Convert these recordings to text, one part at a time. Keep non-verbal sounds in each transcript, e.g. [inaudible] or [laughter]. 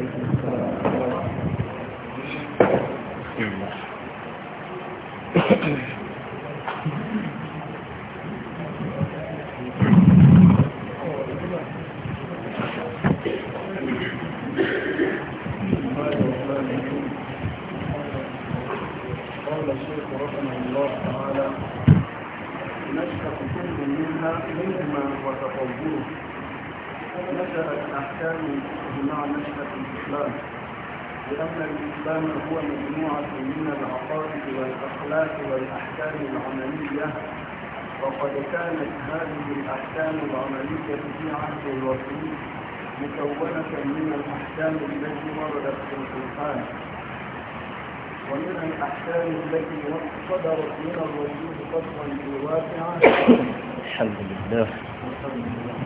عليه الصلاة مكونة من الأحكام التي وردت في القرآن ومن الأحكام التي صدرت من الرسول فصلا واقعة الحمد لله الحمد لله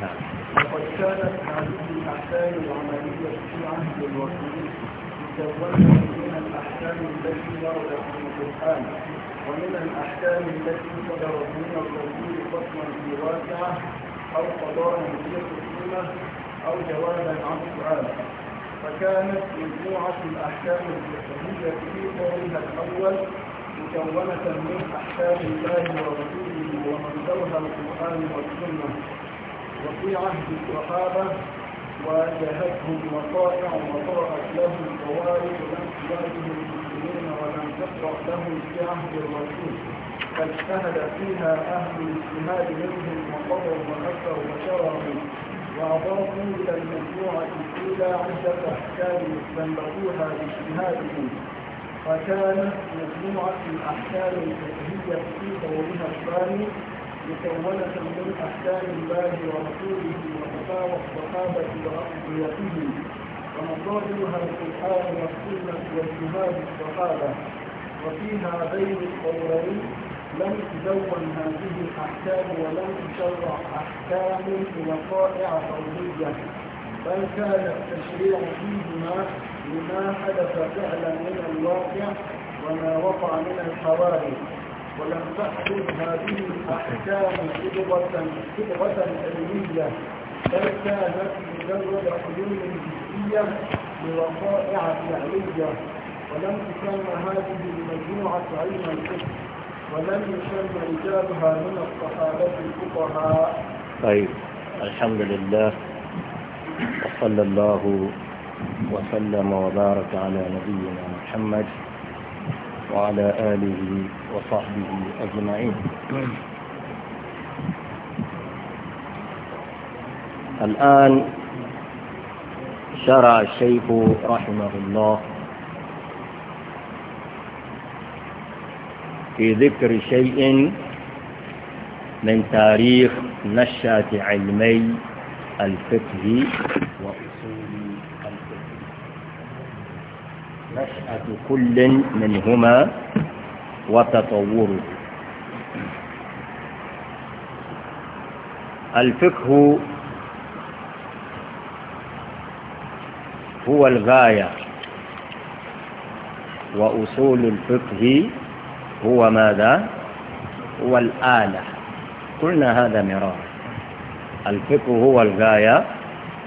نعم وقد كانت هذه الأحكام العملية في عهد الرسول مكونة من الأحكام التي وردت في القرآن ومن الأحكام التي صدرت من الرسول فصلا واقعة أو قضاء نتيجة السنة أو جوابا عن سؤال فكانت مجموعة الأحكام الفقهية في قولها الأول مكونة من أحكام الله ورسوله ومن القرآن والسنة وفي عهد الصحابة واجهتهم وطائع وطاعت لهم قوارب من قيادهم المسلمين ولم تقرأ لهم في عهد الرسول فاجتهد فيها أهل الاجتهاد منهم وقضوا وأثروا وشرعوا وأضافوا إلى المجموعة الأولى عدة أحكام استنبطوها باجتهادهم فكانت مجموعة الأحكام الفقهية في دورها الثاني مكونة من أحكام الله ورسوله وفتاوى الصحابة وأقضيتهم ومصادرها القرآن والسنة واجتهاد الصحابة وفيها بين القولين لم تدون هذه الأحكام ولم تشرع أحكام وقائع فردية بل كان التشريع فيهما لما حدث فعلا من الواقع وما وقع من الحوادث ولم تحدث هذه الأحكام صبغة صبغة علمية بل كانت مجرد حلول جزئية لوقائع فعلية ولم تسمى هذه المجموعة علم الحكم ولم يسمى رجالها من الصحابة الفقهاء طيب الحمد لله وصلى الله وسلم وبارك على نبينا محمد وعلى آله وصحبه أجمعين الآن شرع الشيخ رحمه الله في ذكر شيء من تاريخ نشأة علمي الفقه وأصول الفقه نشأة كل منهما وتطوره الفقه هو الغاية وأصول الفقه هو ماذا هو الآلة قلنا هذا مرار الفقه هو الغاية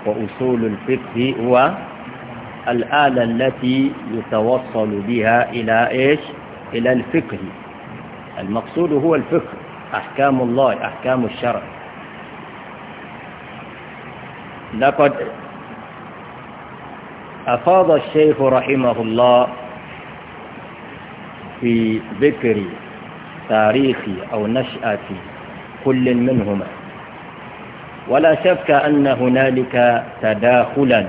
وأصول الفقه هو الآلة التي يتوصل بها إلى إيش إلى الفقه المقصود هو الفقه أحكام الله أحكام الشرع لقد أفاض الشيخ رحمه الله في ذكر تاريخ أو نشأة كل منهما ولا شك أن هنالك تداخلا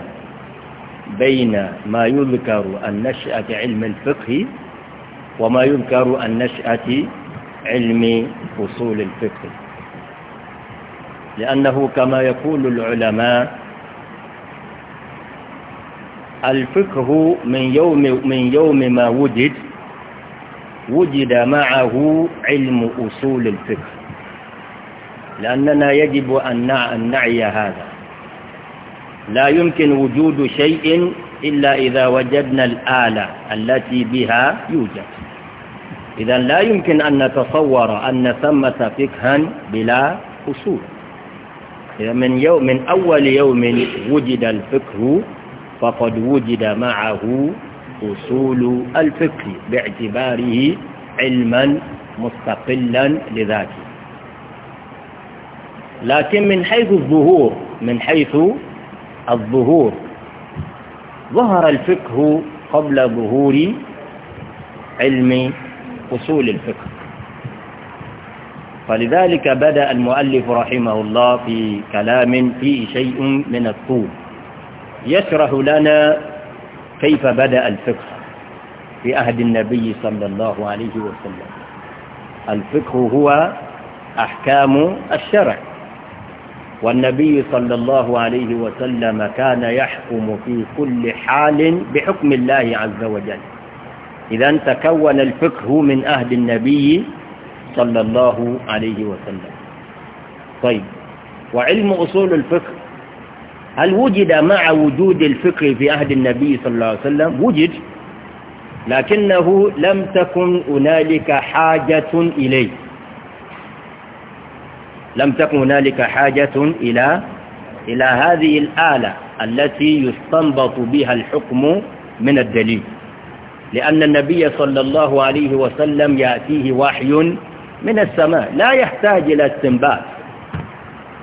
بين ما يذكر عن نشأة علم الفقه وما يذكر عن نشأة علم أصول الفقه لأنه كما يقول العلماء الفقه من يوم, من يوم ما وجد وجد معه علم أصول الفقه لأننا يجب أن نعي هذا لا يمكن وجود شيء إلا إذا وجدنا الآلة التي بها يوجد إذا لا يمكن أن نتصور أن ثمة فقها بلا أصول إذا من, يوم من أول يوم وجد الفقه فقد وجد معه أصول الفقه باعتباره علما مستقلا لذاته لكن من حيث الظهور من حيث الظهور ظهر الفقه قبل ظهور علم أصول الفقه فلذلك بدأ المؤلف رحمه الله في كلام فيه شيء من الطول يشرح لنا كيف بدأ الفقه في عهد النبي صلى الله عليه وسلم الفقه هو أحكام الشرع والنبي صلى الله عليه وسلم كان يحكم في كل حال بحكم الله عز وجل إذا تكون الفقه من أهل النبي صلى الله عليه وسلم طيب وعلم أصول الفقه هل وجد مع وجود الفقه في عهد النبي صلى الله عليه وسلم وجد لكنه لم تكن هنالك حاجة إليه لم تكن هنالك حاجة إلى إلى هذه الآلة التي يستنبط بها الحكم من الدليل لأن النبي صلى الله عليه وسلم يأتيه وحي من السماء لا يحتاج إلى استنباط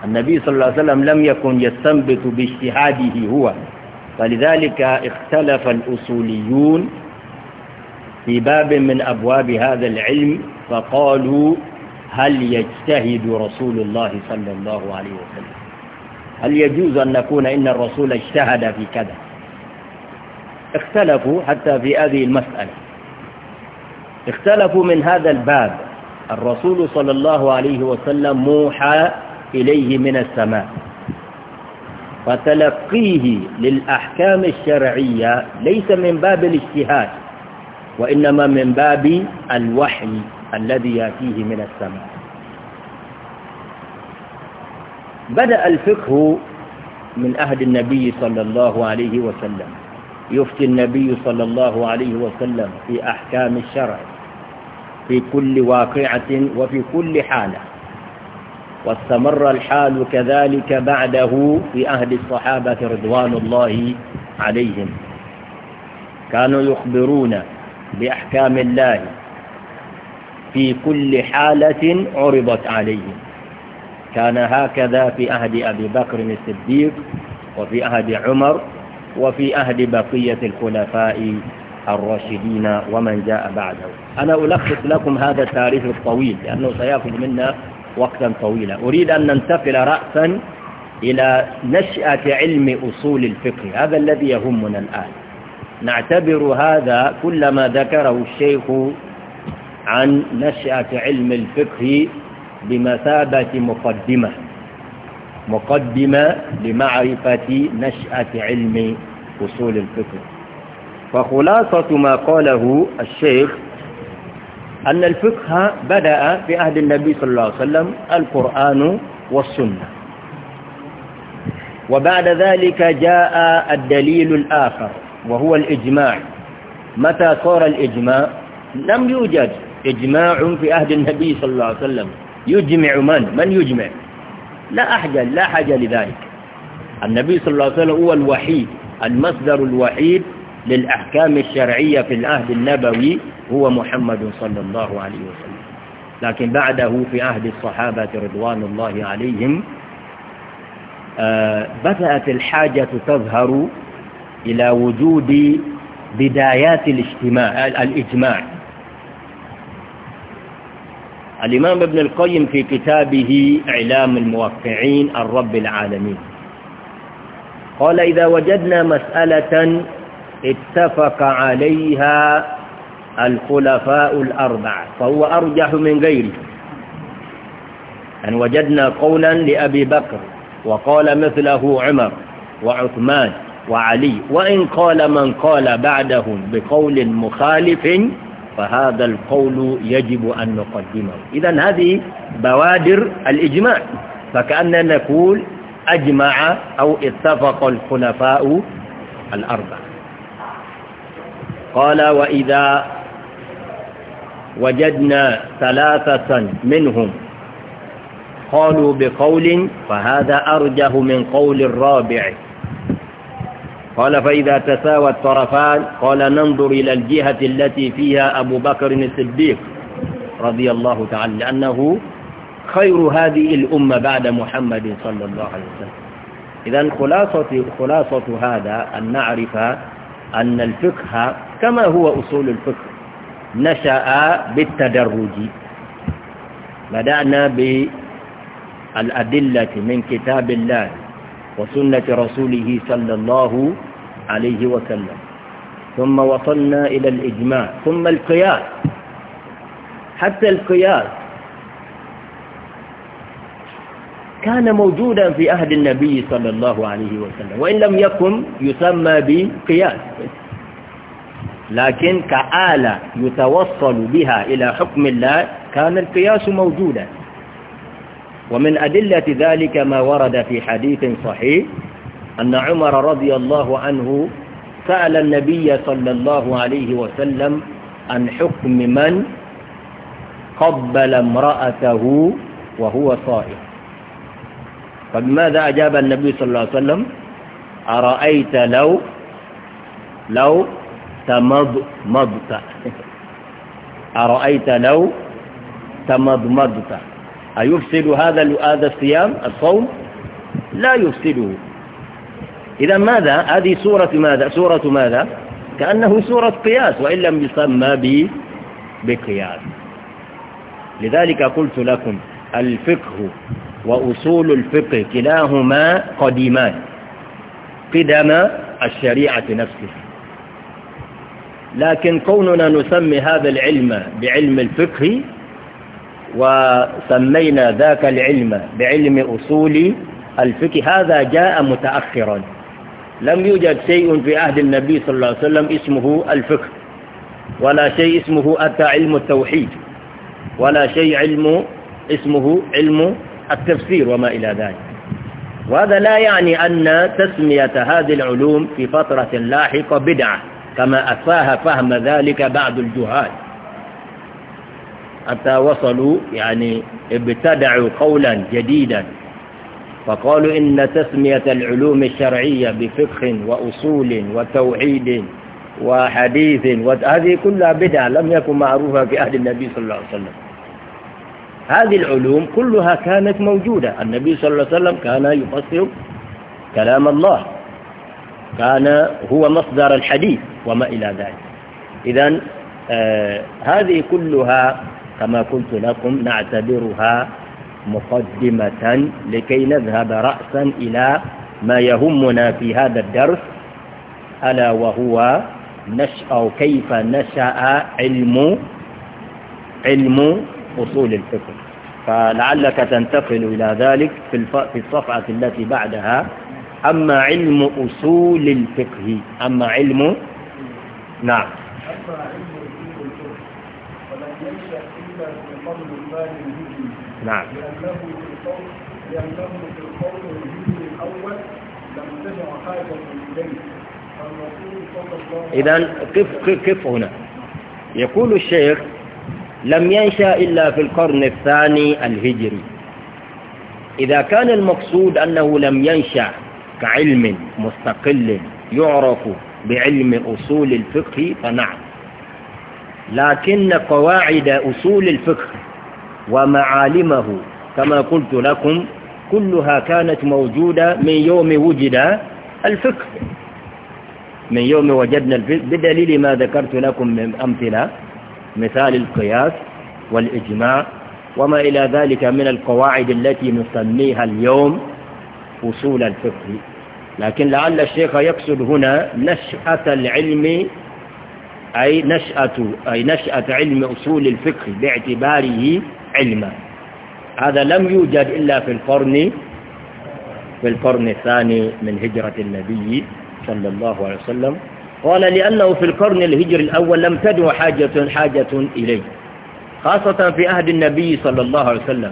النبي صلى الله عليه وسلم لم يكن يستنبط باجتهاده هو فلذلك اختلف الأصوليون في باب من أبواب هذا العلم فقالوا هل يجتهد رسول الله صلى الله عليه وسلم هل يجوز أن نكون إن الرسول اجتهد في كذا اختلفوا حتى في هذه المسألة اختلفوا من هذا الباب الرسول صلى الله عليه وسلم موحى إليه من السماء فتلقيه للأحكام الشرعية ليس من باب الاجتهاد وإنما من باب الوحي الذي يأتيه من السماء بدأ الفقه من أهد النبي صلى الله عليه وسلم يفتي النبي صلى الله عليه وسلم في أحكام الشرع في كل واقعة وفي كل حالة واستمر الحال كذلك بعده في أهل الصحابة رضوان الله عليهم كانوا يخبرون بأحكام الله في كل حالة عرضت عليهم كان هكذا في عهد أبي بكر الصديق وفي عهد عمر وفي عهد بقية الخلفاء الراشدين ومن جاء بعده أنا ألخص لكم هذا التاريخ الطويل لأنه سيأخذ منا وقتا طويلا أريد أن ننتقل رأسا إلى نشأة علم أصول الفقه هذا الذي يهمنا الآن نعتبر هذا كل ما ذكره الشيخ عن نشأة علم الفقه بمثابة مقدمة مقدمة لمعرفة نشأة علم أصول الفقه فخلاصة ما قاله الشيخ أن الفقه بدأ في عهد النبي صلى الله عليه وسلم القرآن والسنة وبعد ذلك جاء الدليل الآخر وهو الإجماع متى صار الإجماع لم يوجد إجماع في عهد النبي صلى الله عليه وسلم يجمع من؟ من يجمع؟ لا أحجل لا حاجة لذلك النبي صلى الله عليه وسلم هو الوحيد المصدر الوحيد للأحكام الشرعية في العهد النبوي هو محمد صلى الله عليه وسلم لكن بعده في عهد الصحابة رضوان الله عليهم آه، بدأت الحاجة تظهر إلى وجود بدايات الاجتماع الإجماع الإمام ابن القيم في كتابه إعلام الموقعين الرب العالمين قال إذا وجدنا مسألة اتفق عليها الخلفاء الأربعة فهو أرجح من غيره أن وجدنا قولا لأبي بكر وقال مثله عمر وعثمان وعلي وإن قال من قال بعدهم بقول مخالف فهذا القول يجب أن نقدمه إذا هذه بوادر الإجماع فكأننا نقول أجمع أو اتفق الخلفاء الأربعة قال وإذا وجدنا ثلاثة منهم قالوا بقول فهذا أرجه من قول الرابع قال فإذا تساوى الطرفان قال ننظر إلى الجهة التي فيها أبو بكر الصديق رضي الله تعالى لأنه خير هذه الأمة بعد محمد صلى الله عليه وسلم إذا خلاصة, خلاصة هذا أن نعرف أن الفقه كما هو أصول الفقه نشأ بالتدرج بدأنا بالأدلة من كتاب الله وسنة رسوله صلى الله عليه وسلم ثم وصلنا إلى الإجماع ثم القياس حتى القياس كان موجودا في أهد النبي صلى الله عليه وسلم وإن لم يكن يسمى بقياس لكن كآلة يتوصل بها إلى حكم الله كان القياس موجودا ومن أدلة ذلك ما ورد في حديث صحيح أن عمر رضي الله عنه سأل النبي صلى الله عليه وسلم عن حكم من قبل امرأته وهو صائم فبماذا أجاب النبي صلى الله عليه وسلم أرأيت لو لو تمضمضت أرأيت لو تمضمضت أيفسد هذا هذا الصيام الصوم لا يفسده إذا ماذا هذه سورة ماذا سورة ماذا كأنه سورة قياس وإن لم يسمى به بقياس لذلك قلت لكم الفقه وأصول الفقه كلاهما قديمان قدم الشريعة نفسها لكن كوننا نسمي هذا العلم بعلم الفقه وسمينا ذاك العلم بعلم أصول الفقه هذا جاء متأخرا لم يوجد شيء في عهد النبي صلى الله عليه وسلم اسمه الفقه ولا شيء اسمه أتى علم التوحيد ولا شيء علم اسمه علم التفسير وما إلى ذلك وهذا لا يعني أن تسمية هذه العلوم في فترة لاحقة بدعة كما أساها فهم ذلك بعض الجهال حتى وصلوا يعني ابتدعوا قولا جديدا فقالوا إن تسمية العلوم الشرعية بفقه وأصول وتوحيد وحديث وهذه كلها بدعة لم يكن معروفة في أهل النبي صلى الله عليه وسلم هذه العلوم كلها كانت موجودة النبي صلى الله عليه وسلم كان يفسر كلام الله كان هو مصدر الحديث وما إلى ذلك إذا آه هذه كلها كما قلت لكم نعتبرها مقدمة لكي نذهب رأسا إلى ما يهمنا في هذا الدرس ألا وهو نشأ أو كيف نشأ علم علم أصول الفقه فلعلك تنتقل إلى ذلك في الصفعة التي بعدها أما علم أصول الفقه أما علم نعم نعم لأنه في القول لأنه في القول الأول لم تدع حاجة إليه إذا قف قف هنا يقول الشيخ لم ينشأ إلا في القرن الثاني الهجري إذا كان المقصود أنه لم ينشأ كعلم مستقل يعرف بعلم أصول الفقه فنعم لكن قواعد أصول الفقه ومعالمه كما قلت لكم كلها كانت موجودة من يوم وجد الفقه من يوم وجدنا الفقه بدليل ما ذكرت لكم من أمثلة مثال القياس والإجماع وما إلى ذلك من القواعد التي نسميها اليوم أصول الفقه لكن لعل الشيخ يقصد هنا نشأة العلم أي نشأة, أي نشأة علم أصول الفقه باعتباره علما هذا لم يوجد إلا في القرن في القرن الثاني من هجرة النبي صلى الله عليه وسلم قال لأنه في القرن الهجري الأول لم تدع حاجة حاجة إليه خاصة في عهد النبي صلى الله عليه وسلم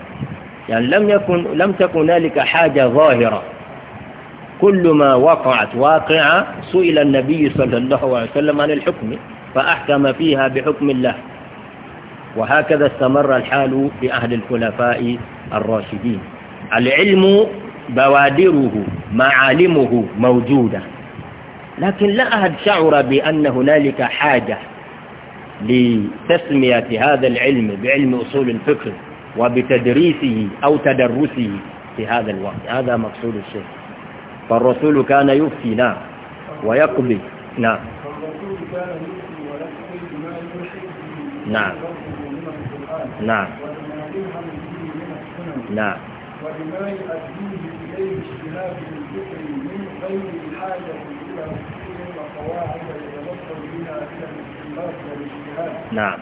يعني لم يكن لم تكن هنالك حاجة ظاهرة كل ما وقعت واقعة سئل النبي صلى الله عليه وسلم عن الحكم فأحكم فيها بحكم الله وهكذا استمر الحال في عهد الخلفاء الراشدين العلم بوادره معالمه موجودة لكن لا أحد شعر بأن هنالك حاجة لتسمية هذا العلم بعلم أصول الفقه وبتدريسه أو تدرسه في هذا الوقت هذا مقصود الشيء فالرسول كان يفتي نعم ويقضي نعم نعم نعم نعم وبما يؤديه إليه اجتهاد الفكر من غير الحاجة نعم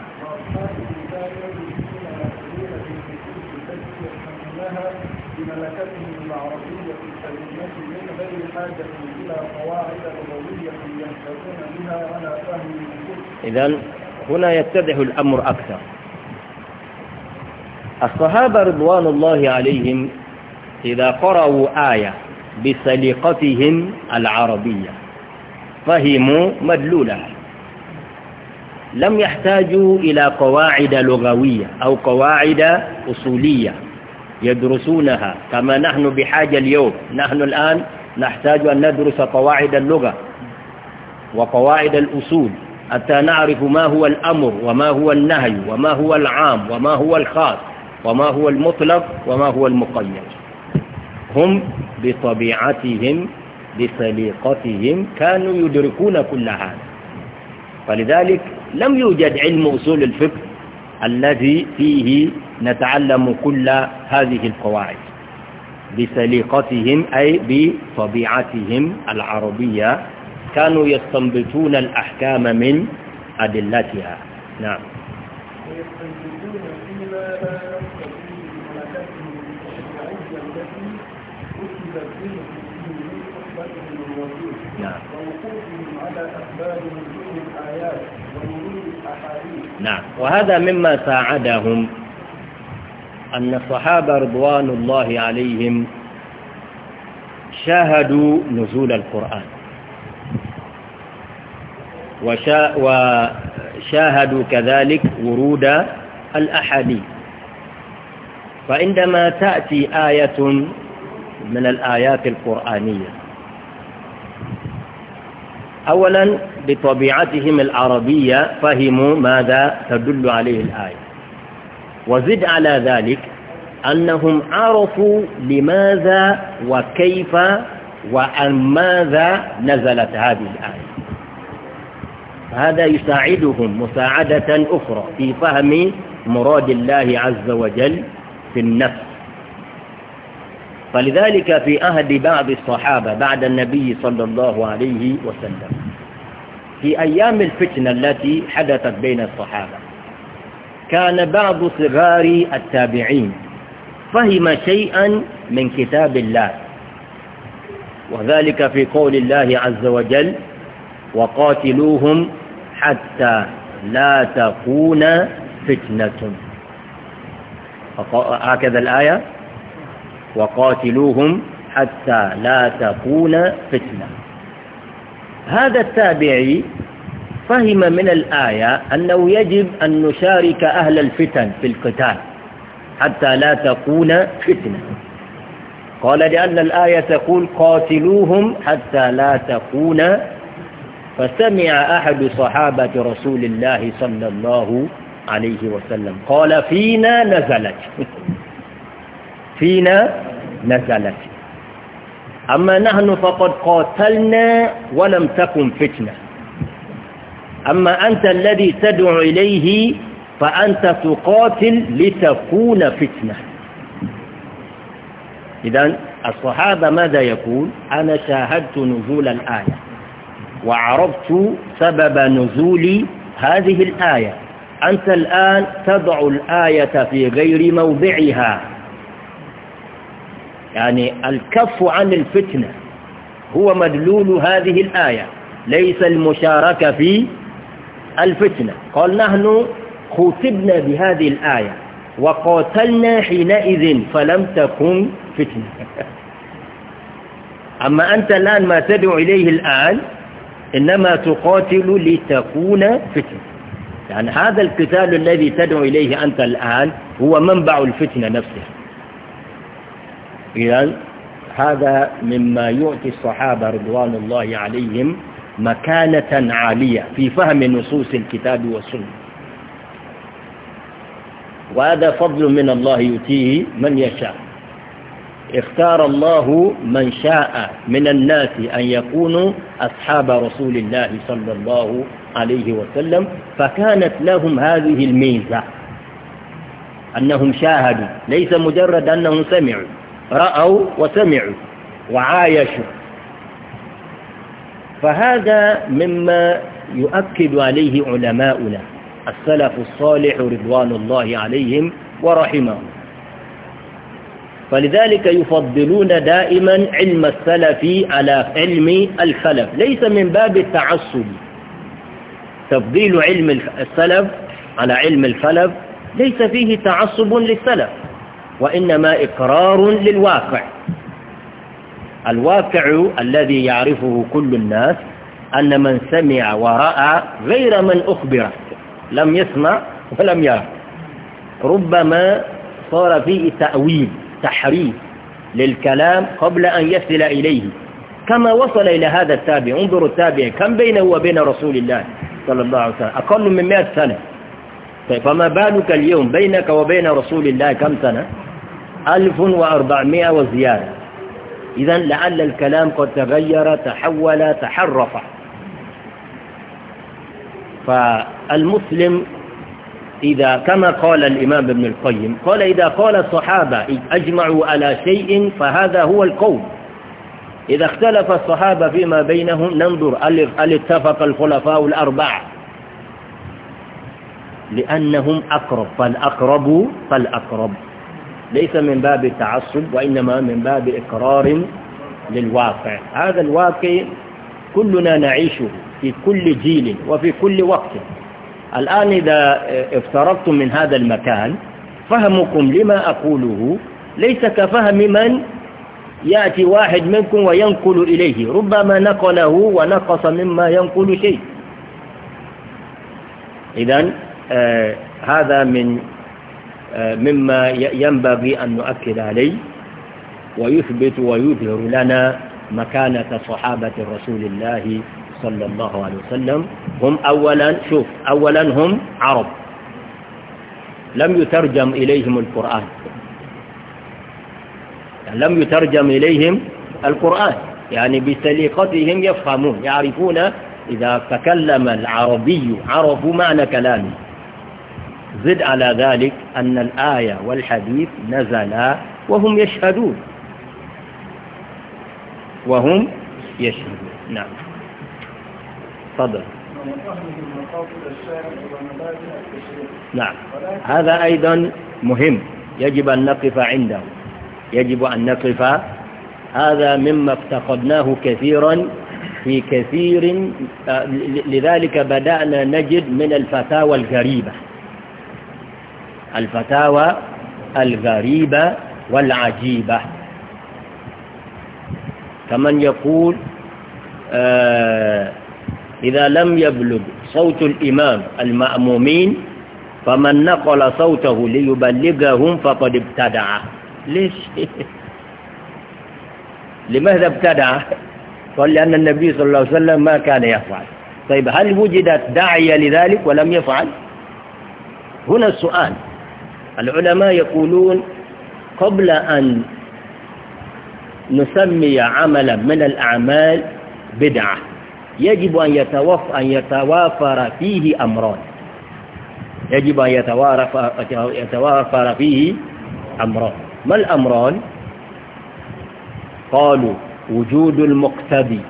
إذا هنا يتضح الأمر أكثر الصحابة رضوان الله عليهم إذا قرأوا آية بسليقتهم العربية فهموا مدلولها لم يحتاجوا إلى قواعد لغوية أو قواعد أصولية يدرسونها كما نحن بحاجة اليوم نحن الآن نحتاج أن ندرس قواعد اللغة وقواعد الأصول حتى نعرف ما هو الأمر وما هو النهي وما هو العام وما هو الخاص وما هو المطلق وما هو المقيد هم بطبيعتهم بسليقتهم كانوا يدركون كل هذا فلذلك لم يوجد علم أصول الفقه الذي فيه نتعلم كل هذه القواعد بسليقتهم أي بطبيعتهم العربية كانوا يستنبطون الأحكام من أدلتها نعم فيما لا نعم ووقوفهم على أسباب نزول الآيات الأحاديث نعم وهذا مما ساعدهم أن الصحابة رضوان الله عليهم شاهدوا نزول القرآن وشا وشاهدوا كذلك ورود الأحاديث فعندما تأتي آية من الآيات القرآنية أولا بطبيعتهم العربية فهموا ماذا تدل عليه الآية وزد على ذلك أنهم عرفوا لماذا وكيف وعن ماذا نزلت هذه الآية هذا يساعدهم مساعدة أخرى في فهم مراد الله عز وجل في النفس فلذلك في أهد بعض الصحابة بعد النبي صلى الله عليه وسلم في أيام الفتنة التي حدثت بين الصحابة كان بعض صغار التابعين فهم شيئا من كتاب الله وذلك في قول الله عز وجل وقاتلوهم حتى لا تكون فتنة هكذا الآية وقاتلوهم حتى لا تكون فتنة هذا التابعي فهم من الآية أنه يجب أن نشارك أهل الفتن في القتال حتى لا تكون فتنة قال لأن الآية تقول قاتلوهم حتى لا تكون فسمع أحد صحابة رسول الله صلى الله عليه وسلم قال فينا نزلت [laughs] فينا نزلت أما نحن فقد قاتلنا ولم تكن فتنة أما أنت الذي تدعو إليه فأنت تقاتل لتكون فتنة إذا الصحابة ماذا يقول أنا شاهدت نزول الآية وعرفت سبب نزول هذه الآية أنت الآن تضع الآية في غير موضعها يعني الكف عن الفتنة هو مدلول هذه الآية ليس المشاركة في الفتنة قال نحن خوتبنا بهذه الآية وقاتلنا حينئذ فلم تكن فتنة [laughs] أما أنت الآن ما تدعو إليه الآن إنما تقاتل لتكون فتنة يعني هذا القتال الذي تدعو إليه أنت الآن هو منبع الفتنة نفسها إذا هذا مما يعطي الصحابة رضوان الله عليهم مكانة عالية في فهم نصوص الكتاب والسنة وهذا فضل من الله يؤتيه من يشاء اختار الله من شاء من الناس أن يكونوا أصحاب رسول الله صلى الله عليه وسلم فكانت لهم هذه الميزة أنهم شاهدوا ليس مجرد أنهم سمعوا رأوا وسمعوا وعايشوا فهذا مما يؤكد عليه علماؤنا السلف الصالح رضوان الله عليهم ورحمهم فلذلك يفضلون دائما علم السلف على علم الخلف ليس من باب التعصب تفضيل علم السلف على علم الخلف ليس فيه تعصب للسلف وإنما إقرار للواقع الواقع الذي يعرفه كل الناس أن من سمع ورأى غير من أخبره لم يسمع ولم يرى ربما صار فيه تأويل تحريف للكلام قبل أن يصل إليه كما وصل إلى هذا التابع انظروا التابع كم بينه وبين رسول الله صلى الله عليه وسلم أقل من مئة سنة طيب فما بالك اليوم بينك وبين رسول الله كم سنة ألف وأربعمائة وزيادة إذا لعل الكلام قد تغير تحول تحرف فالمسلم إذا كما قال الإمام ابن القيم قال إذا قال الصحابة أجمعوا على شيء فهذا هو القول إذا اختلف الصحابة فيما بينهم ننظر هل اتفق الخلفاء الأربعة لأنهم أقرب فالأقرب فالأقرب ليس من باب التعصب وإنما من باب إقرار للواقع هذا الواقع كلنا نعيشه في كل جيل وفي كل وقت الآن إذا افترضتم من هذا المكان فهمكم لما أقوله ليس كفهم من يأتي واحد منكم وينقل إليه ربما نقله ونقص مما ينقل شيء إذا آه هذا من مما ينبغي أن نؤكد عليه ويثبت ويظهر لنا مكانة صحابة رسول الله صلى الله عليه وسلم هم أولا شوف أولا هم عرب لم يترجم إليهم القرآن لم يترجم إليهم القرآن يعني بسليقتهم يفهمون يعرفون إذا تكلم العربي عرفوا معنى كلامه زد على ذلك أن الآية والحديث نزلا وهم يشهدون وهم يشهدون نعم تفضل نعم هذا أيضا مهم يجب أن نقف عنده يجب أن نقف هذا مما افتقدناه كثيرا في كثير آه، لذلك بدأنا نجد من الفتاوى الغريبة الفتاوى الغريبة والعجيبة كمن يقول آه إذا لم يبلغ صوت الإمام المأمومين فمن نقل صوته ليبلغهم فقد ابتدع ليش [laughs] لماذا ابتدع قال لأن النبي صلى الله عليه وسلم ما كان يفعل طيب هل وجدت داعية لذلك ولم يفعل هنا السؤال العلماء يقولون قبل أن نسمي عملا من الأعمال بدعة يجب أن أن يتوافر فيه أمران يجب أن يتوافر فيه أمران ما الأمران قالوا وجود المقتدي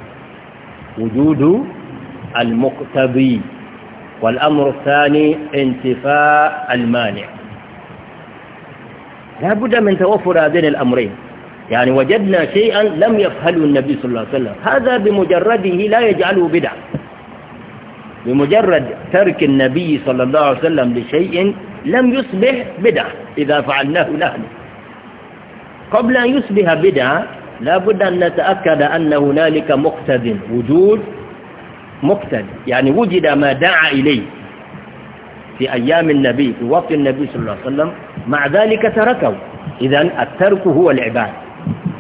وجود المقتدي والأمر الثاني انتفاء المانع لا بد من توفر هذين الأمرين يعني وجدنا شيئا لم يفهله النبي صلى الله عليه وسلم هذا بمجرده لا يجعله بدعة بمجرد ترك النبي صلى الله عليه وسلم لشيء لم يصبح بدعة إذا فعلناه نحن قبل أن يصبح بدعة لا بد أن نتأكد أن هنالك مقتد وجود مقتد يعني وجد ما دعا إليه في أيام النبي في وقت النبي صلى الله عليه وسلم مع ذلك تركوا إذا الترك هو العباد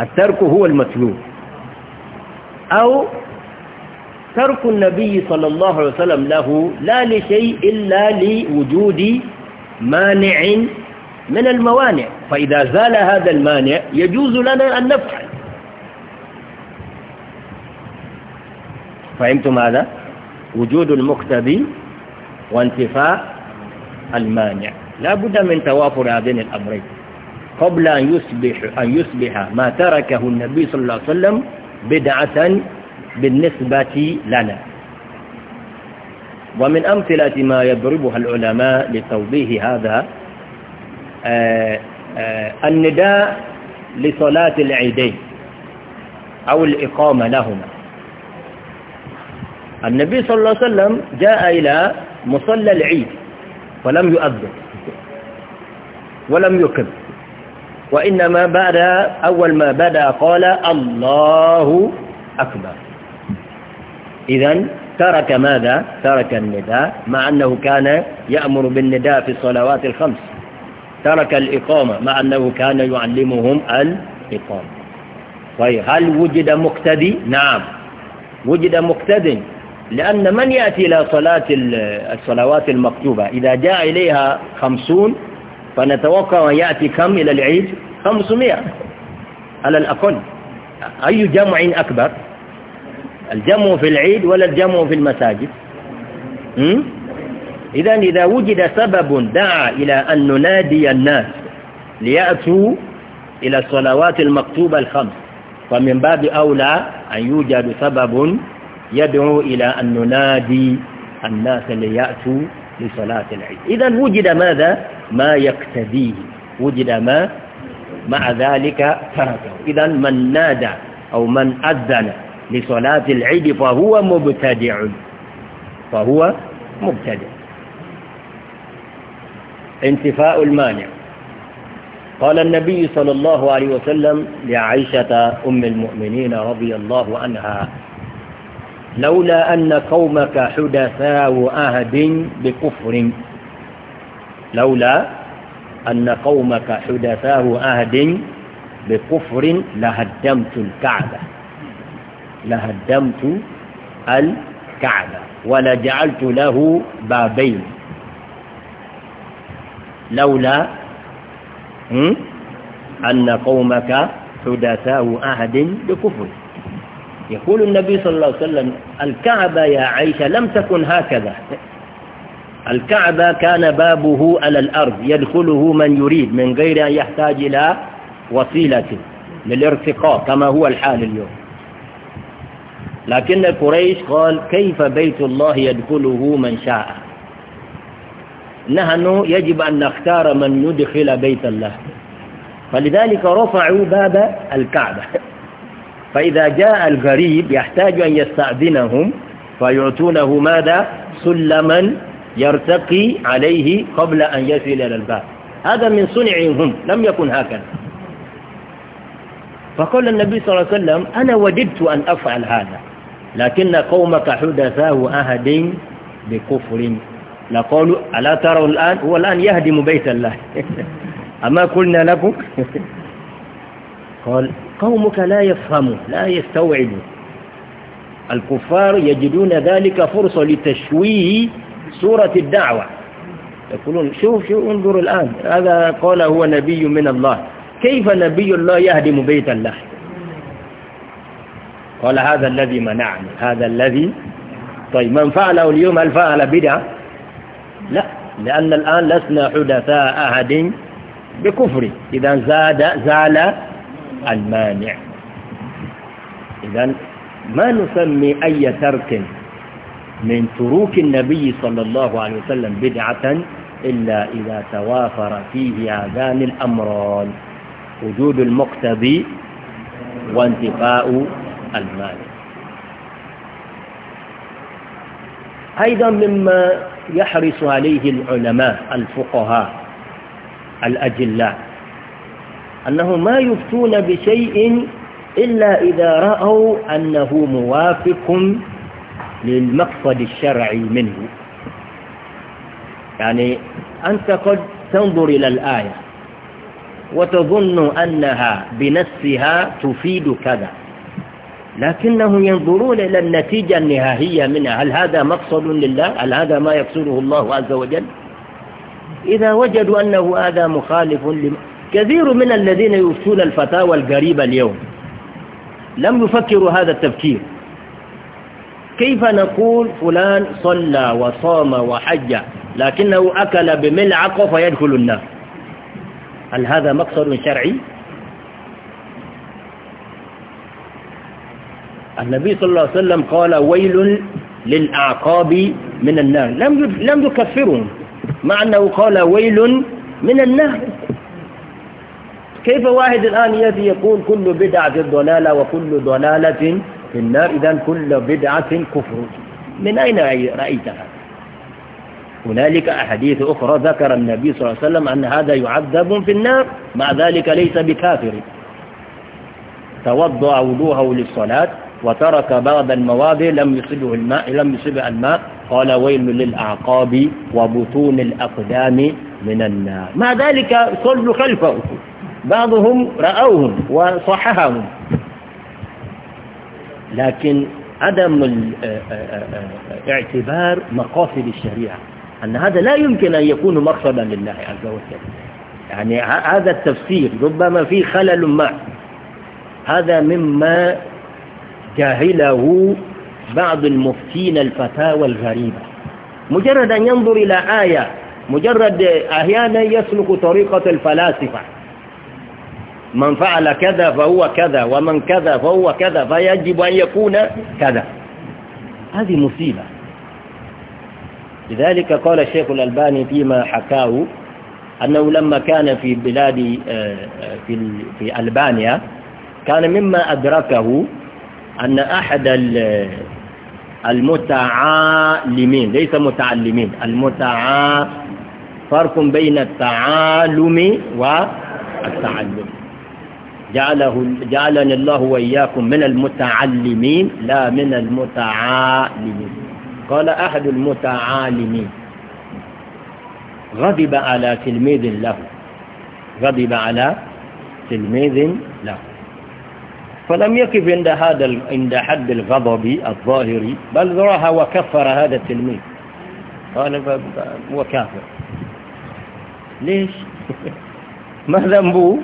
الترك هو المطلوب أو ترك النبي صلى الله عليه وسلم له لا لشيء إلا لوجود مانع من الموانع فإذا زال هذا المانع يجوز لنا أن نفعل فهمتم هذا؟ وجود المقتضي وانتفاء المانع لا بد من توافر هذين الأمرين قبل أن يصبح, أن يصبح ما تركه النبي صلى الله عليه وسلم بدعة بالنسبة لنا ومن أمثلة ما يضربها العلماء لتوضيح هذا آه، آه، النداء لصلاة العيدين أو الإقامة لهما النبي صلى الله عليه وسلم جاء إلى مصلى العيد فلم يؤذن ولم يكب وإنما بعد أول ما بدأ قال الله أكبر إذا ترك ماذا؟ ترك النداء مع أنه كان يأمر بالنداء في الصلوات الخمس ترك الإقامة مع أنه كان يعلمهم الإقامة طيب هل وجد مقتدي؟ نعم وجد مقتدي لأن من يأتي إلى صلاة الصلوات المكتوبة إذا جاء إليها خمسون فنتوقع أن يأتي كم إلى العيد خمسمائة على الأقل أي جمع أكبر الجمع في العيد ولا الجمع في المساجد إذا إذا وجد سبب دعا إلى أن ننادي الناس ليأتوا إلى الصلوات المكتوبة الخمس فمن باب أولى أن يوجد سبب يدعو إلى أن ننادي الناس ليأتوا لصلاة العيد إذا وجد ماذا ما يقتديه وجد ما مع ذلك تركه إذا من نادى أو من أذن لصلاة العيد فهو مبتدع فهو مبتدع انتفاء المانع قال النبي صلى الله عليه وسلم لعيشة أم المؤمنين رضي الله عنها لولا أن قومك حدثاء أهد بكفر لولا أن قومك حدثاء أهد بكفر لهدمت الكعبة لهدمت الكعبة ولجعلت له بابين لولا أن قومك حدثاء أهد بكفر يقول النبي صلى الله عليه وسلم الكعبة يا عائشة لم تكن هكذا الكعبة كان بابه على الأرض يدخله من يريد من غير أن يحتاج إلى وسيلة للارتقاء كما هو الحال اليوم لكن قريش قال كيف بيت الله يدخله من شاء نحن يجب أن نختار من يدخل بيت الله فلذلك رفعوا باب الكعبة فإذا جاء الغريب يحتاج أن يستأذنهم فيعطونه ماذا سلما يرتقي عليه قبل أن يصل إلى الباب هذا من صنعهم لم يكن هكذا فقال النبي صلى الله عليه وسلم أنا وددت أن أفعل هذا لكن قومك حدثاه أهد بكفر لقالوا ألا تروا الآن هو الآن يهدم بيت الله [laughs] أما قلنا لكم [laughs] قال قومك لا يفهموا لا يستوعبوا الكفار يجدون ذلك فرصة لتشويه سورة الدعوة يقولون شوف شوف انظر الآن هذا قال هو نبي من الله كيف نبي الله يهدم بيت الله قال هذا الذي منعني هذا الذي طيب من فعله اليوم هل فعل بدعة لا لأن الآن لسنا حدثاء أحد بكفره إذا زاد زال المانع إذا ما نسمي أي ترك من تروك النبي صلى الله عليه وسلم بدعة إلا إذا توافر فيه هذان الأمران وجود المقتضي وانتفاء المانع أيضا مما يحرص عليه العلماء الفقهاء الأجلاء أنه ما يفتون بشيء إلا إذا رأوا أنه موافق للمقصد الشرعي منه يعني أنت قد تنظر إلى الآية وتظن أنها بنفسها تفيد كذا لكنهم ينظرون إلى النتيجة النهائية منها هل هذا مقصد لله هل هذا ما يقصده الله عز وجل إذا وجدوا أنه هذا مخالف كثير من الذين يفتون الفتاوى القريبة اليوم لم يفكروا هذا التفكير كيف نقول فلان صلى وصام وحج لكنه أكل بملعقة فيدخل النار هل هذا مقصد شرعي؟ النبي صلى الله عليه وسلم قال ويل للأعقاب من النار لم لم يكفرهم مع أنه قال ويل من النار كيف واحد الآن يأتي يقول كل بدعة ضلالة وكل ضلالة في النار إذا كل بدعة كفر من أين رأيتها هنالك أحاديث أخرى ذكر النبي صلى الله عليه وسلم أن هذا يعذب في النار مع ذلك ليس بكافر توضأ وضوءه للصلاة وترك بعض المواضع لم يصبه الماء لم يصبه الماء قال ويل للأعقاب وبطون الأقدام من النار مع ذلك صلوا خلفه بعضهم رأوهم وصححهم لكن عدم آه، آه، آه، اعتبار مقاصد الشريعة أن هذا لا يمكن أن يكون مقصدا لله عز وجل يعني هذا التفسير ربما في خلل ما هذا مما جاهله بعض المفتين الفتاوى الغريبة مجرد أن ينظر إلى آية مجرد أحيانا يسلك طريقة الفلاسفة من فعل كذا فهو كذا ومن كذا فهو كذا فيجب أن يكون كذا هذه مصيبة لذلك قال الشيخ الألباني فيما حكاه أنه لما كان في بلاد آه، آه، في في ألبانيا كان مما أدركه أن أحد المتعالمين ليس متعلمين المتعا فرق بين التعالم والتعلم جعله جعلني الله وإياكم من المتعلمين لا من المتعالمين قال أحد المتعالمين غضب على تلميذ له غضب على تلميذ له فلم يقف عند هذا عند حد الغضب الظاهري بل راح وكفر هذا التلميذ قال هو كافر ليش [laughs] ما ذنبه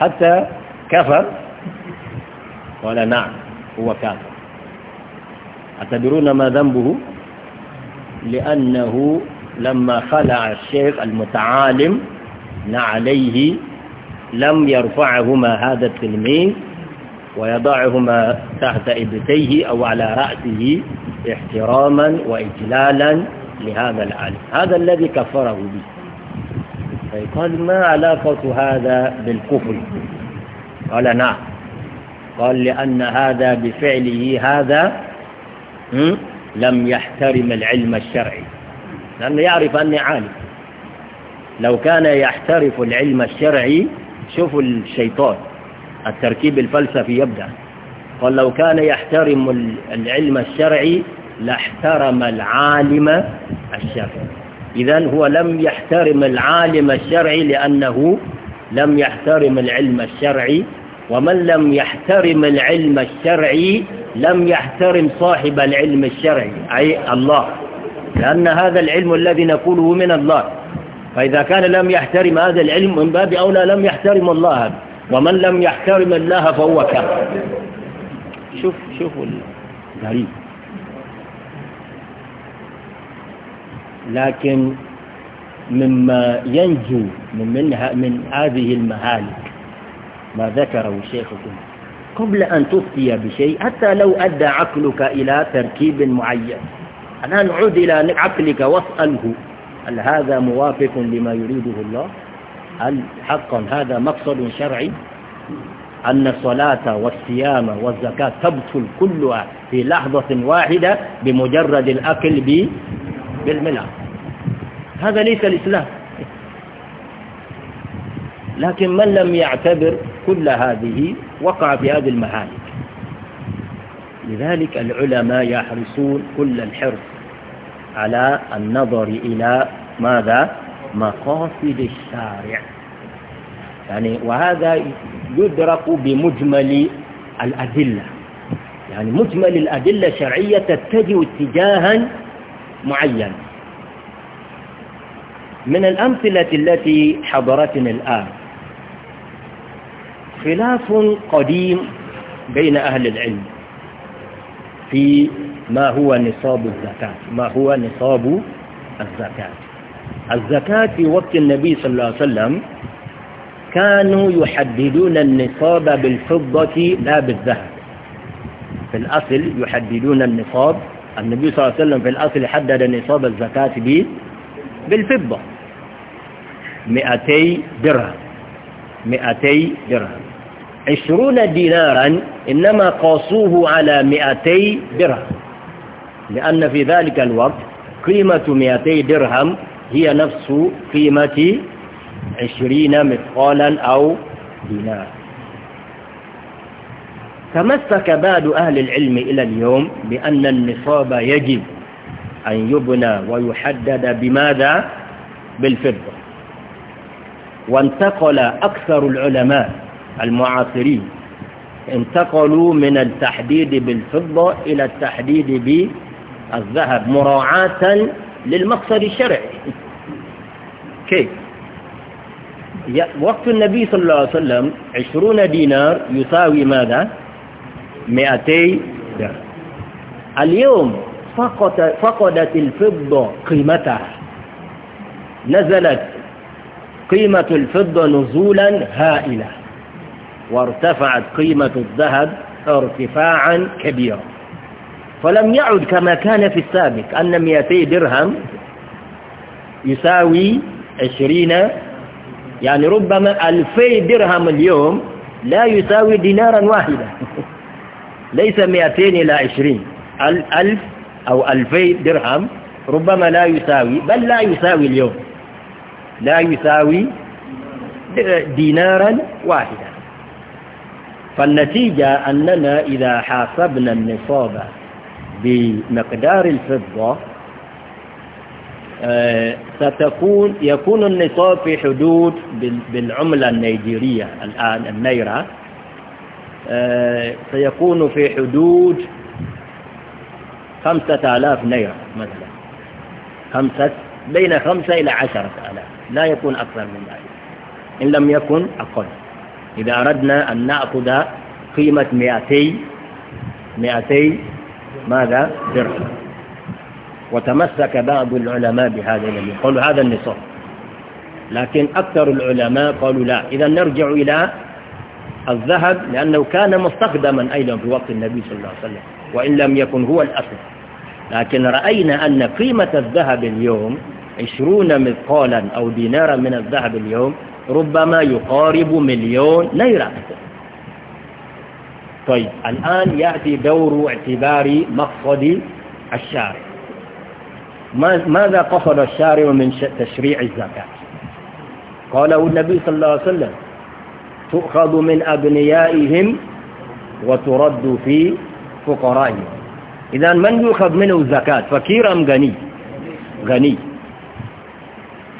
حتى كفر قال نعم هو كافر أتدرون ما ذنبه لأنه لما خلع الشيخ المتعالم عليه لم يرفعهما هذا التلميذ ويضعهما تحت إبتيه أو على رأسه احتراما وإجلالا لهذا العالم هذا الذي كفره به طيب قال ما علاقة هذا بالكفر قال نعم قال لأن هذا بفعله هذا لم يحترم العلم الشرعي لأنه يعرف أني عالم لو كان يحترف العلم الشرعي شوفوا الشيطان التركيب الفلسفي يبدأ قال لو كان يحترم العلم الشرعي لاحترم العالم الشرعي إذا هو لم يحترم العالم الشرعي لأنه لم يحترم العلم الشرعي ومن لم يحترم العلم الشرعي لم يحترم صاحب العلم الشرعي أي الله لأن هذا العلم الذي نقوله من الله فإذا كان لم يحترم هذا العلم من باب أولى لم يحترم الله ومن لم يحترم الله فهو كافر شوف شوف الغريب لكن مما ينجو من, منها من هذه المهالك ما ذكره شيخكم قبل أن تفتي بشيء حتى لو أدى عقلك إلى تركيب معين الآن عد إلى عقلك واسأله هل هذا موافق لما يريده الله هل حقا هذا مقصد شرعي أن الصلاة والصيام والزكاة تبطل كلها في لحظة واحدة بمجرد الأكل بالملا هذا ليس الإسلام لكن من لم يعتبر كل هذه وقع في هذه المهالك لذلك العلماء يحرصون كل الحرص على النظر إلى ماذا مقاصد الشارع يعني وهذا يدرك بمجمل الأدلة يعني مجمل الأدلة الشرعية تتجه اتجاها معين من الأمثلة التي حضرتنا الآن خلاف قديم بين أهل العلم في ما هو نصاب الزكاة ما هو نصاب الزكاة الزكاة في وقت النبي صلى الله عليه وسلم كانوا يحددون النصاب بالفضة لا بالذهب في الأصل يحددون النصاب النبي صلى الله عليه وسلم في الأصل حدد نصاب الزكاة بالفضة 200 درهم 200 درهم 20 دينارا إنما قاسوه على 200 درهم لأن في ذلك الوقت قيمة 200 درهم هي نفس قيمة 20 مثقالا أو دينار تمسك بعض أهل العلم إلى اليوم بأن النصاب يجب أن يبنى ويحدد بماذا بالفضة وانتقل أكثر العلماء المعاصرين انتقلوا من التحديد بالفضة إلى التحديد بالذهب مراعاة للمقصد الشرعي كيف وقت النبي صلى الله عليه وسلم عشرون دينار يساوي ماذا مئتي درهم اليوم فقد فقدت الفضة قيمتها نزلت قيمة الفضة نزولا هائلة وارتفعت قيمة الذهب ارتفاعا كبيرا فلم يعد كما كان في السابق أن 200 درهم يساوي 20 يعني ربما 2000 درهم اليوم لا يساوي دينارا واحدا [laughs] ليس 200 إلى 20 ألف أو ألفي درهم ربما لا يساوي بل لا يساوي اليوم لا يساوي دينارا واحدا فالنتيجة أننا إذا حاسبنا النصاب بمقدار الفضة آه، ستكون يكون النصاب في حدود بالعملة النيجيرية الآن النيرة آه، سيكون في حدود خمسة آلاف ليرة مثلا خمسة بين خمسة إلى عشرة آلاف لا يكون أكثر من ذلك إن لم يكن أقل إذا أردنا أن نأخذ قيمة 200 200 ماذا درهم وتمسك بعض العلماء بهذا الذي قالوا هذا النصاب لكن أكثر العلماء قالوا لا إذا نرجع إلى الذهب لأنه كان مستخدما أيضا في وقت النبي صلى الله عليه وسلم وإن لم يكن هو الأصل لكن رأينا أن قيمة الذهب اليوم عشرون مثقالا أو دينارا من الذهب اليوم ربما يقارب مليون ليرة طيب الآن يأتي دور اعتبار مقصد الشارع ماذا قصد الشارع من تشريع الزكاة قاله النبي صلى الله عليه وسلم تؤخذ من أبنيائهم وترد في فقرائهم إذا من يؤخذ منه الزكاة فقير أم غني غني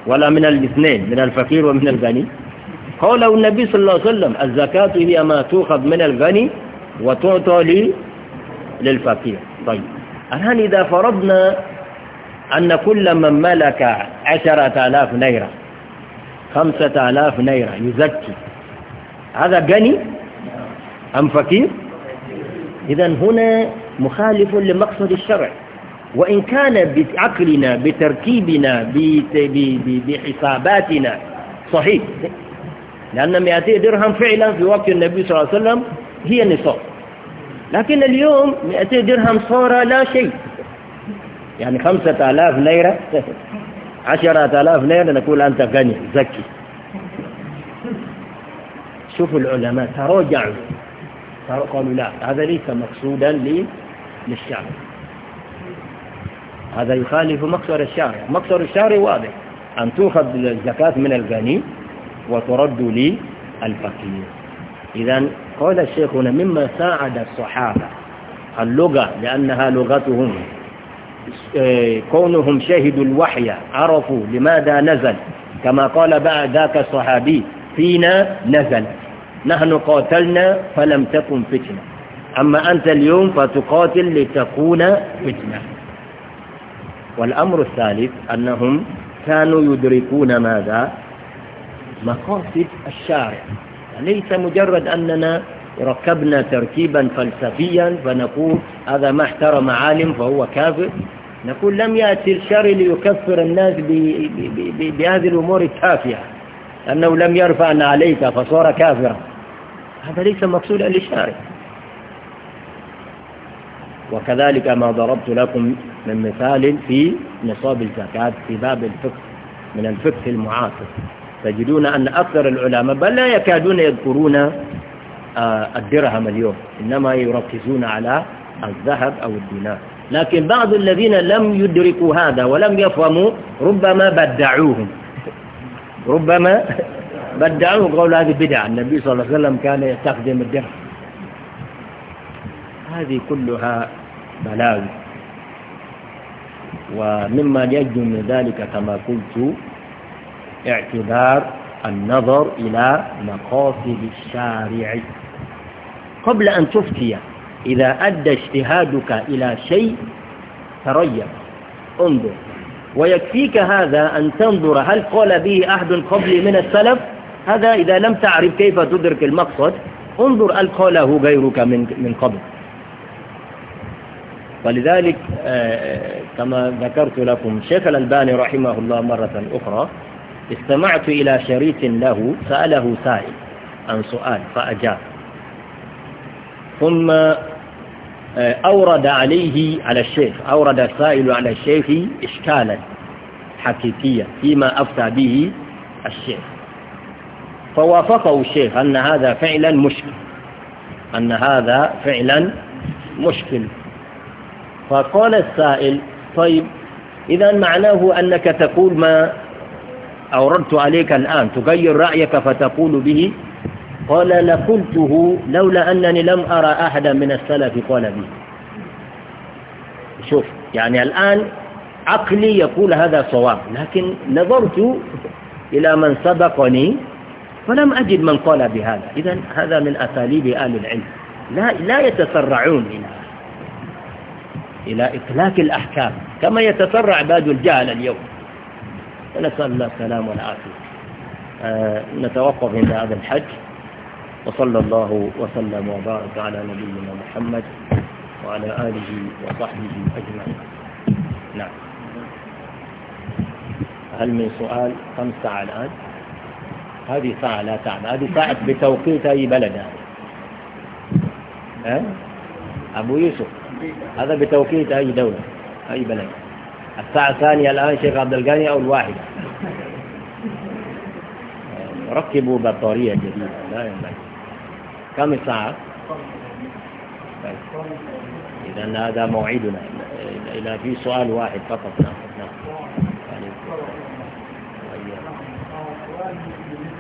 ولا من الاثنين من الفقير ومن الغني قوله النبي صلى الله عليه وسلم الزكاة هي ما تؤخذ من الغني وتعطى للفقير طيب الآن إذا فرضنا أن كل من ملك عشرة آلاف نيرة خمسة آلاف نيرة يزكي هذا غني أم فقير إذا هنا مخالف لمقصد الشرع وإن كان بعقلنا بتركيبنا بحساباتنا صحيح لأن 200 درهم فعلا في وقت النبي صلى الله عليه وسلم هي نصاب لكن اليوم 200 درهم صورة لا شيء يعني 5000 ليرة 10000 [laughs] ليرة نقول أنت غني زكي شوفوا العلماء تراجعوا قالوا لا هذا ليس مقصودا للشارع هذا يخالف مقصر الشارع مقصر الشارع واضح أن تؤخذ الزكاة من الغني وترد للفقير إذا قال الشيخ هنا مما ساعد الصحابة اللغة لأنها لغتهم آه، كونهم شهدوا الوحي عرفوا لماذا نزل كما قال بعد ذاك الصحابي فينا نزل نحن قاتلنا فلم تكن فتنة أما أنت اليوم فتقاتل لتكون فتنة والأمر الثالث أنهم كانوا يدركون ماذا مقاصد الشارع ليس مجرد أننا ركبنا تركيبا فلسفيا فنقول هذا ما احترم عالم فهو كافر نقول لم يأتي الشر ليكفر الناس بهذه الأمور التافهة أنه لم يرفع عليك فصار كافرا هذا ليس مقصودا للشارع وكذلك ما ضربت لكم من مثال في نصاب الزكاة في باب الفقه من الفقه المعاصر تجدون أن أكثر العلماء بل لا يكادون يذكرون آه، الدرهم اليوم إنما يركزون على الذهب أو الدينار لكن بعض الذين لم يدركوا هذا ولم يفهموا ربما بدعوهم ربما بدعوه قول هذه بدعة النبي صلى الله عليه وسلم كان يستخدم الدرع هذه كلها بلاوي ومما يجد من ذلك كما قلت اعتبار النظر إلى مقاصد الشارع قبل أن تفتي إذا أدى اجتهادك إلى شيء تريب انظر ويكفيك هذا أن تنظر هل قال به أحد قبلي من السلف هذا إذا لم تعرف كيف تدرك المقصد انظر القاله غيرك من من قبل ولذلك آه، آه، كما ذكرت لكم شيخ الألباني رحمه الله مرة أخرى استمعت إلى شريط له سأله سائل عن سؤال فأجاب ثم آه، أورد عليه على الشيخ أورد السائل على الشيخ إشكالا حقيقيا فيما أفتى به الشيخ فوافقه الشيخ أن هذا فعلا مشكل أن هذا فعلا مشكل فقال السائل طيب إذا معناه أنك تقول ما أوردت عليك الآن تغير رأيك فتقول به قال لقلته لولا أنني لم أرى أحدا من السلف قال به شوف يعني الآن عقلي يقول هذا صواب لكن نظرت إلى من سبقني فلم أجد من قال بهذا إذا هذا من أساليب أهل العلم لا, لا يتسرعون إلى إلى إطلاق الأحكام كما يتسرع باد الجهل اليوم نسأل الله السلام والعافية آه نتوقف عند هذا الحج وصلى الله وسلم وبارك على نبينا محمد وعلى آله وصحبه أجمعين نعم هل من سؤال خمسة على الآن هذه ساعة لا تعمل هذه ساعة بتوقيت أي بلد ها أه؟ أبو يوسف هذا بتوقيت أي دولة أي بلد الساعة الثانية الآن شيخ عبد الغني أو الواحدة ركبوا بطارية جديدة لا ينبغي كم الساعة؟ إذا هذا موعدنا إذا في سؤال واحد فقط نعم نعم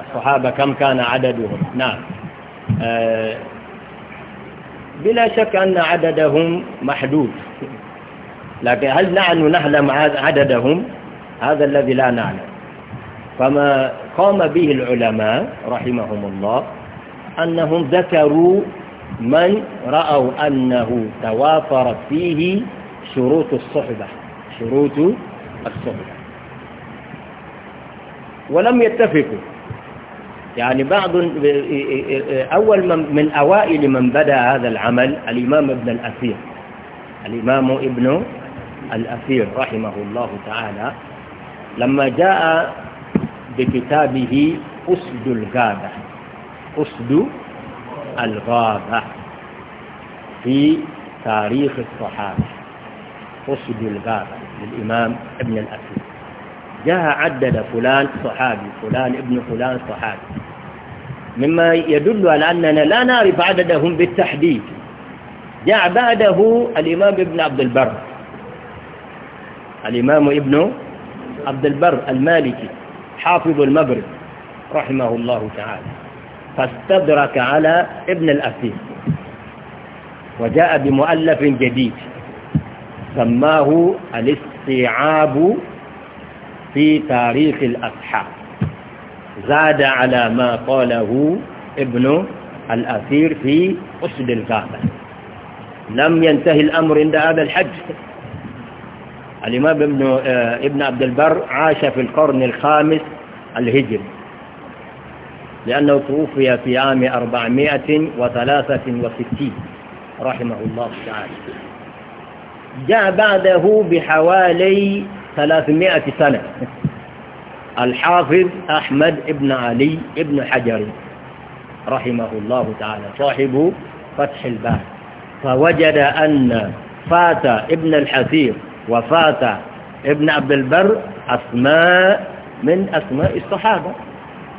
الصحابة كم كان عددهم نعم آه، بلا شك أن عددهم محدود لكن هل نحن نعلم عددهم هذا الذي لا نعلم فما قام به العلماء رحمهم الله أنهم ذكروا من رأوا أنه توافرت فيه شروط الصحبة شروط الصحبة ولم يتفقوا يعني بعض أول من, من أوائل من بدأ هذا العمل الإمام ابن الأثير الإمام ابن الأثير رحمه الله تعالى لما جاء بكتابه أسد الغابة أسد الغابة في تاريخ الصحابة أسد الغابة للإمام ابن الأثير جاء عدد فلان صحابي فلان ابن فلان صحابي مما يدل على أننا لا نعرف عددهم بالتحديد جاء بعده الإمام ابن عبد البر الإمام ابن عبد البر المالكي حافظ المغرب رحمه الله تعالى فاستدرك على ابن الاثير وجاء بمؤلف جديد سماه الاستيعاب في تاريخ الأصحاب زاد على ما قاله ابن الأثير في أسد الغابة لم ينتهي الأمر عند هذا الحج الإمام ابن, آه، ابن عبد البر عاش في القرن الخامس الهجري لأنه توفي في عام 463 رحمه الله تعالى جاء بعده بحوالي 300 سنة الحافظ أحمد ابن علي ابن حجر رحمه الله تعالى صاحب فتح الباب فوجد أن فات ابن الحثير وفات ابن عبد البر أسماء من أسماء الصحابة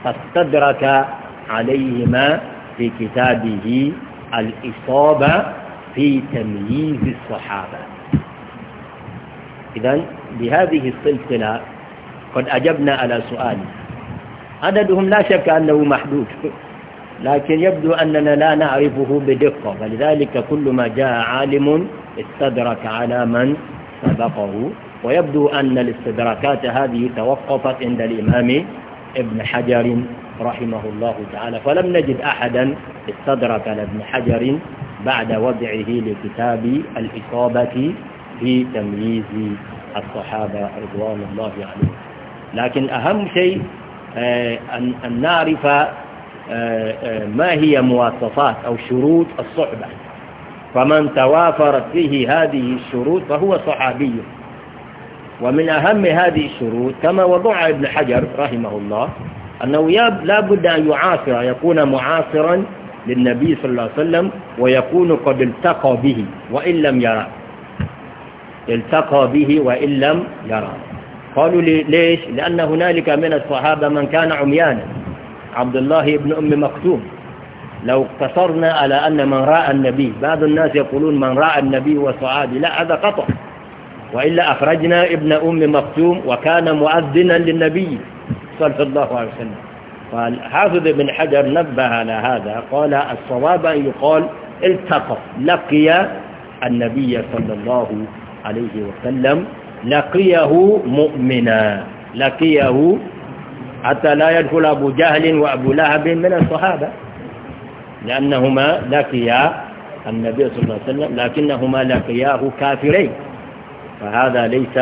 فاستدرك عليهما في كتابه الإصابة في تمييز الصحابة إذا بهذه السلسلة قد أجبنا على سؤال عددهم لا شك أنه محدود لكن يبدو أننا لا نعرفه بدقة فلذلك كل ما جاء عالم استدرك على من سبقه ويبدو أن الاستدراكات هذه توقفت عند الإمام ابن حجر رحمه الله تعالى فلم نجد أحدا استدرك لابن حجر بعد وضعه لكتاب الإصابة في تمييز الصحابة رضوان الله عليهم لكن أهم شيء آه، أن نعرف آه، آه، ما هي مواصفات أو شروط الصحبة فمن توافرت فيه هذه الشروط فهو صحابي ومن أهم هذه الشروط كما وضع ابن حجر رحمه الله أنه لا بد أن يعاصر يكون معاصرا للنبي صلى الله عليه وسلم ويكون قد التقى به وإن لم يره التقى به وإن لم يرى قالوا لي ليش لأن هنالك من الصحابة من كان عميانا عبد الله بن أم مكتوم لو اقتصرنا على أن من رأى النبي بعض الناس يقولون من رأى النبي وصعادي لا هذا قطع وإلا أخرجنا ابن أم مكتوم وكان مؤذنا للنبي صلى الله عليه وسلم فالحافظ بن حجر نبه على هذا قال الصواب أن يقال التقى لقي النبي صلى الله عليه وسلم عليه وسلم لقيه مؤمنا لقيه حتى لا يدخل أبو جهل وأبو لهب من الصحابة لأنهما لقيا النبي صلى الله عليه وسلم لكنهما لقياه كافرين فهذا ليس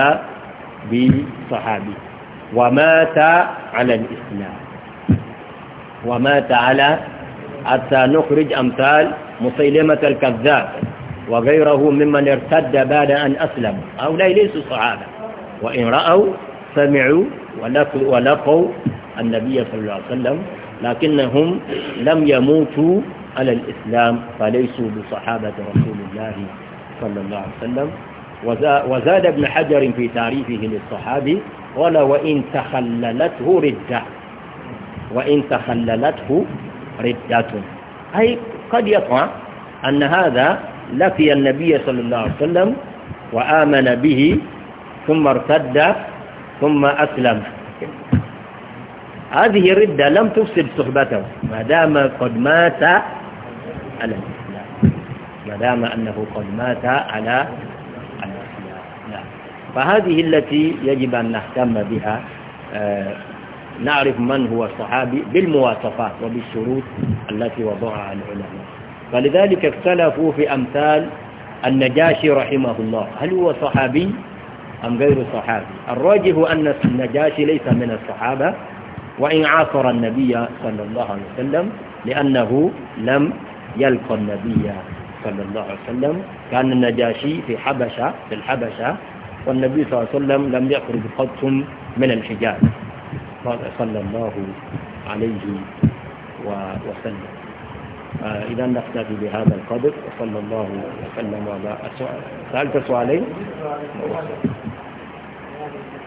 بصحابي ومات على الإسلام ومات على حتى نخرج أمثال مسيلمة الكذاب وغيره ممن ارتد بعد أن أسلم هؤلاء ليسوا صحابة وإن رأوا سمعوا ولقوا النبي صلى الله عليه وسلم لكنهم لم يموتوا على الإسلام فليسوا بصحابة رسول الله صلى الله عليه وسلم وزاد ابن حجر في تعريفه للصحابي قال وإن تخللته ردة وإن تخللته ردة أي قد يقع أن هذا لقي النبي صلى الله عليه وسلم وآمن به ثم ارتد ثم أسلم هذه الردة لم تفسد صحبته ما دام قد مات على الإسلام ما دام أنه قد مات على الإسلام نعم فهذه التي يجب أن نهتم بها آه، نعرف من هو الصحابي بالمواصفات وبالشروط التي وضعها العلماء فلذلك اختلفوا في أمثال النجاشي رحمه الله هل هو صحابي أم غير صحابي الراجح أن النجاشي ليس من الصحابة وإن عاصر النبي صلى الله عليه وسلم لأنه لم يلقى النبي صلى الله عليه وسلم كان النجاشي في حبشة في الحبشة والنبي صلى الله عليه وسلم لم يخرج قط من الحجاز صلى الله عليه وسلم آه، إذا نقتدي بهذا القدر وصلى الله وسلم على سألت سؤالين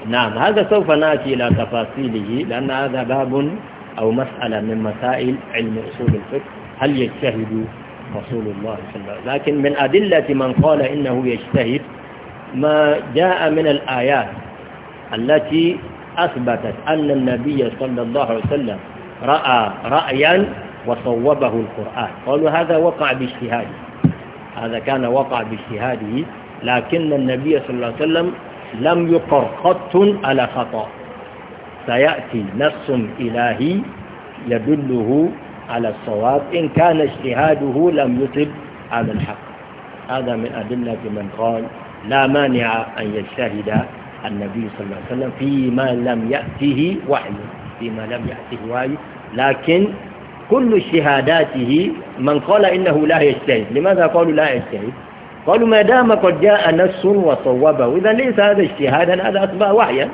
نعم هذا سوف نأتي إلى تفاصيله لأن هذا باب أو مسألة من مسائل علم أصول الفقه هل يجتهد رسول الله صلى الله عليه وسلم لكن من أدلة من قال إنه يجتهد ما جاء من الآيات التي أثبتت أن النبي صلى الله عليه وسلم رأى رأيا وصوبه القرآن قالوا هذا وقع باجتهاده هذا كان وقع باجتهاده لكن النبي صلى الله عليه وسلم لم يقر قط على خطأ سيأتي نص إلهي يدله على الصواب إن كان اجتهاده لم يصب على الحق هذا من أدلة من قال لا مانع أن يجتهد النبي صلى الله عليه وسلم فيما لم يأته وحي فيما لم يأته وحي لكن كل شهاداته من قال إنه لا يجتهد لماذا قالوا لا يجتهد قالوا ما دام قد جاء نص وصوبه إذا ليس هذا اجتهادا هذا أصبح وحيا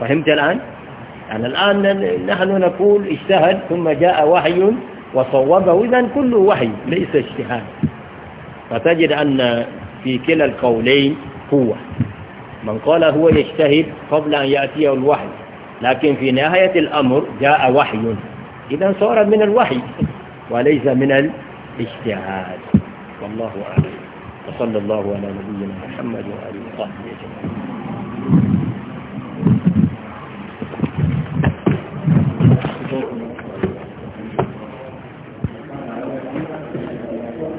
فهمت الآن؟ يعني الآن نحن نقول اجتهد ثم جاء وحي وصوبه إذا كله وحي ليس اجتهاد فتجد أن في كلا القولين قوة من قال هو يجتهد قبل أن يأتيه الوحي لكن في نهاية الأمر جاء وحي إذا صار من الوحي وليس من الاجتهاد والله أعلم وصلى الله على نبينا محمد وعلى آله وصحبه أجمعين